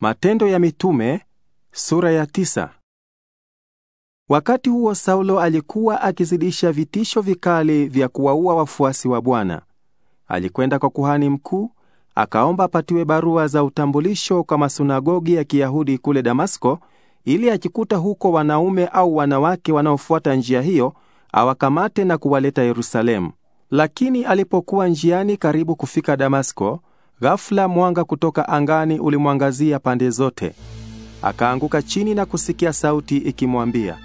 Matendo ya Mitume sura ya tisa. Wakati huo Saulo alikuwa akizidisha vitisho vikali vya kuwaua wafuasi wa Bwana. Alikwenda kwa kuhani mkuu, akaomba apatiwe barua za utambulisho kwa masunagogi ya Kiyahudi kule Damasko, ili akikuta huko wanaume au wanawake wanaofuata njia hiyo, awakamate na kuwaleta Yerusalemu. Lakini alipokuwa njiani karibu kufika Damasko, ghafula mwanga kutoka angani ulimwangazia pande zote. Akaanguka chini na kusikia sauti ikimwambia,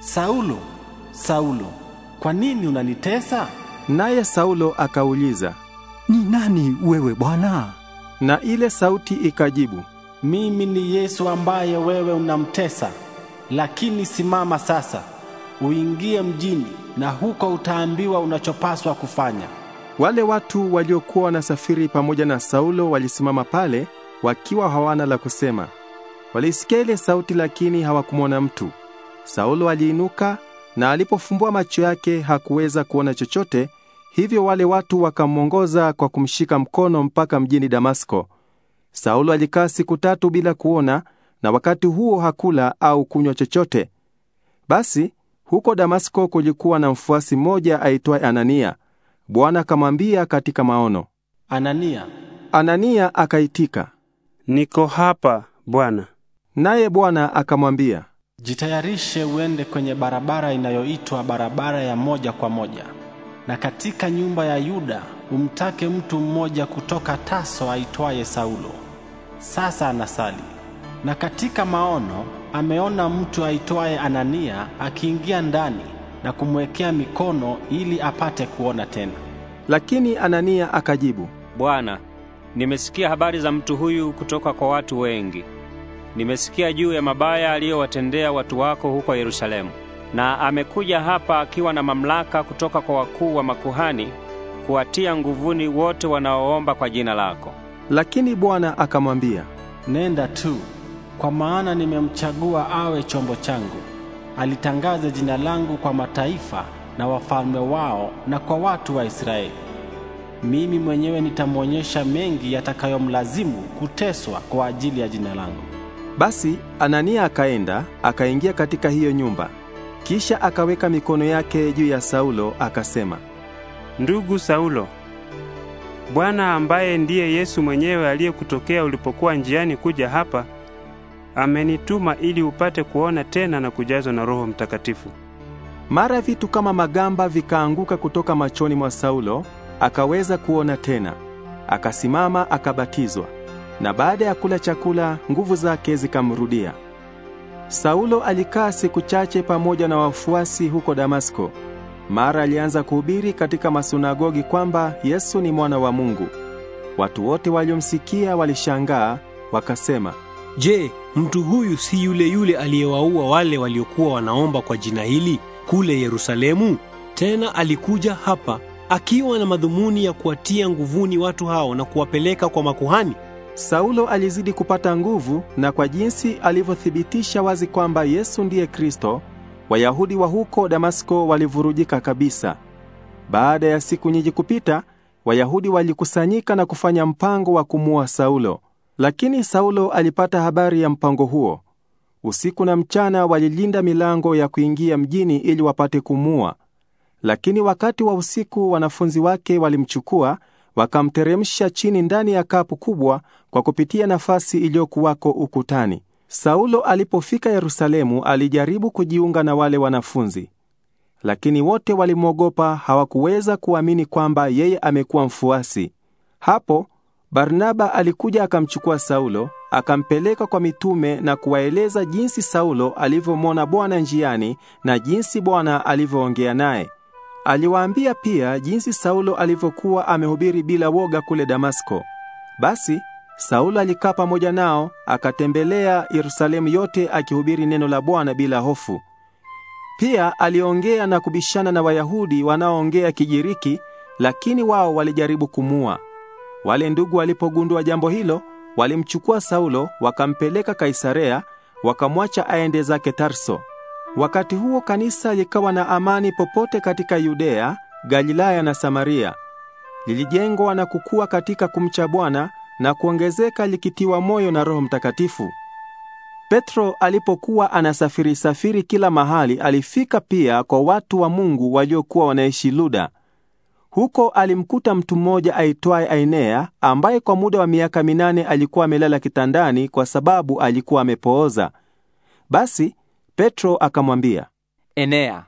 Saulo, Saulo, kwa nini unanitesa? Naye Saulo akauliza, ni nani wewe Bwana? Na ile sauti ikajibu, mimi ni Yesu ambaye wewe unamtesa. Lakini simama sasa, uingie mjini na huko utaambiwa unachopaswa kufanya. Wale watu waliokuwa wanasafiri pamoja na Saulo walisimama pale wakiwa hawana la kusema. Walisikia ile sauti lakini hawakumwona mtu. Saulo aliinuka na alipofumbua macho yake hakuweza kuona chochote, hivyo wale watu wakamwongoza kwa kumshika mkono mpaka mjini Damasko. Saulo alikaa siku tatu bila kuona na wakati huo hakula au kunywa chochote. Basi huko Damasko kulikuwa na mfuasi mmoja aitwaye Anania. Bwana akamwambia katika maono, Anania. Anania akaitika, niko hapa Bwana. Naye Bwana akamwambia, jitayarishe uende kwenye barabara inayoitwa barabara ya moja kwa moja, na katika nyumba ya Yuda umtake mtu mmoja kutoka Taso aitwaye Saulo. Sasa anasali, na katika maono ameona mtu aitwaye Anania akiingia ndani na kumwekea mikono ili apate kuona tena. Lakini Anania akajibu, Bwana, nimesikia habari za mtu huyu kutoka kwa watu wengi. Nimesikia juu ya mabaya aliyowatendea watu wako huko Yerusalemu, na amekuja hapa akiwa na mamlaka kutoka kwa wakuu wa makuhani kuwatia nguvuni wote wanaoomba kwa jina lako. Lakini Bwana akamwambia, nenda tu, kwa maana nimemchagua awe chombo changu alitangaza jina langu kwa mataifa na wafalme wao na kwa watu wa Israeli. Mimi mwenyewe nitamwonyesha mengi yatakayomlazimu kuteswa kwa ajili ya jina langu. Basi Anania akaenda akaingia katika hiyo nyumba, kisha akaweka mikono yake juu ya Saulo akasema, ndugu Saulo, Bwana ambaye ndiye Yesu mwenyewe aliyekutokea ulipokuwa njiani kuja hapa amenituma ili upate kuona tena na kujazwa na Roho Mtakatifu. Mara vitu kama magamba vikaanguka kutoka machoni mwa Saulo, akaweza kuona tena. Akasimama akabatizwa, na baada ya kula chakula nguvu zake zikamrudia. Saulo alikaa siku chache pamoja na wafuasi huko Damasko. Mara alianza kuhubiri katika masunagogi kwamba Yesu ni mwana wa Mungu. Watu wote waliomsikia walishangaa, wakasema Je, mtu huyu si yule yule aliyewaua wale waliokuwa wanaomba kwa jina hili kule Yerusalemu? Tena alikuja hapa akiwa na madhumuni ya kuwatia nguvuni watu hao na kuwapeleka kwa makuhani. Saulo alizidi kupata nguvu, na kwa jinsi alivyothibitisha wazi kwamba Yesu ndiye Kristo, Wayahudi wa huko Damasko walivurujika kabisa. Baada ya siku nyingi kupita, Wayahudi walikusanyika na kufanya mpango wa kumua Saulo. Lakini Saulo alipata habari ya mpango huo. Usiku na mchana walilinda milango ya kuingia mjini ili wapate kumua. Lakini wakati wa usiku wanafunzi wake walimchukua, wakamteremsha chini ndani ya kapu kubwa kwa kupitia nafasi iliyokuwako ukutani. Saulo alipofika Yerusalemu alijaribu kujiunga na wale wanafunzi. Lakini wote walimwogopa, hawakuweza kuamini kwamba yeye amekuwa mfuasi. Hapo Barnaba alikuja akamchukua Saulo, akampeleka kwa mitume na kuwaeleza jinsi Saulo alivyomwona Bwana njiani na jinsi Bwana alivyoongea naye. Aliwaambia pia jinsi Saulo alivyokuwa amehubiri bila woga kule Damasko. Basi Saulo alikaa pamoja nao, akatembelea Yerusalemu yote akihubiri neno la Bwana bila hofu. Pia aliongea na kubishana na Wayahudi wanaoongea Kigiriki, lakini wao walijaribu kumua. Wale ndugu walipogundua jambo hilo, walimchukua Saulo wakampeleka Kaisarea, wakamwacha aende zake Tarso. Wakati huo kanisa likawa na amani popote katika Yudea, Galilaya na Samaria. Lilijengwa na kukua katika kumcha Bwana na kuongezeka likitiwa moyo na Roho Mtakatifu. Petro alipokuwa anasafiri safiri kila mahali, alifika pia kwa watu wa Mungu waliokuwa wanaishi Luda. Huko alimkuta mtu mmoja aitwaye Ainea ambaye kwa muda wa miaka minane alikuwa amelala kitandani kwa sababu alikuwa amepooza. Basi Petro akamwambia, Enea,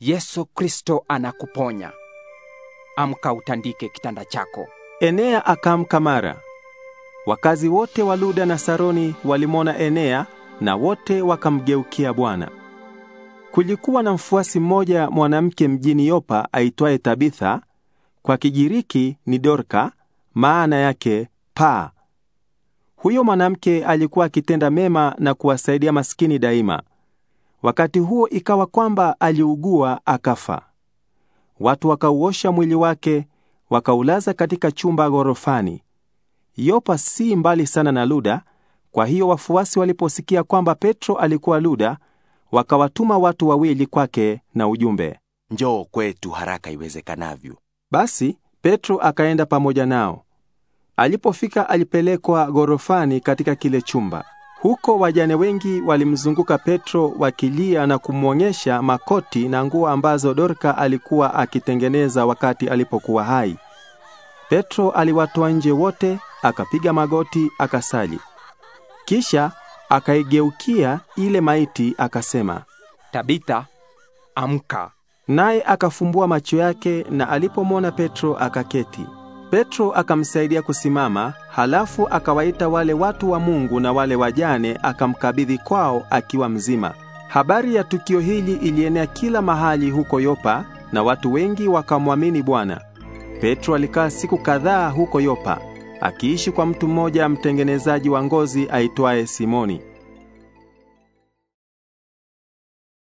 Yesu Kristo anakuponya. Amka utandike kitanda chako. Enea akaamka mara. Wakazi wote wa Luda na Saroni walimwona Enea na wote wakamgeukia Bwana. Kulikuwa na mfuasi mmoja mwanamke mjini Yopa aitwaye Tabitha kwa Kigiriki ni Dorka, maana yake paa. Huyo mwanamke alikuwa akitenda mema na kuwasaidia maskini daima. Wakati huo ikawa kwamba aliugua akafa. Watu wakauosha mwili wake, wakaulaza katika chumba ghorofani. Yopa si mbali sana na Luda, kwa hiyo wafuasi waliposikia kwamba Petro alikuwa Luda, wakawatuma watu wawili kwake na ujumbe, njoo kwetu haraka iwezekanavyo. Basi Petro akaenda pamoja nao. Alipofika alipelekwa ghorofani katika kile chumba. Huko wajane wengi walimzunguka Petro wakilia na kumwonyesha makoti na nguo ambazo Dorka alikuwa akitengeneza wakati alipokuwa hai. Petro aliwatoa nje wote, akapiga magoti, akasali. Kisha akaigeukia ile maiti akasema, Tabita, amka. Naye akafumbua macho yake na alipomwona Petro akaketi. Petro akamsaidia kusimama, halafu akawaita wale watu wa Mungu na wale wajane akamkabidhi kwao akiwa mzima. Habari ya tukio hili ilienea kila mahali huko Yopa na watu wengi wakamwamini Bwana. Petro alikaa siku kadhaa huko Yopa, akiishi kwa mtu mmoja mtengenezaji wa ngozi aitwaye Simoni.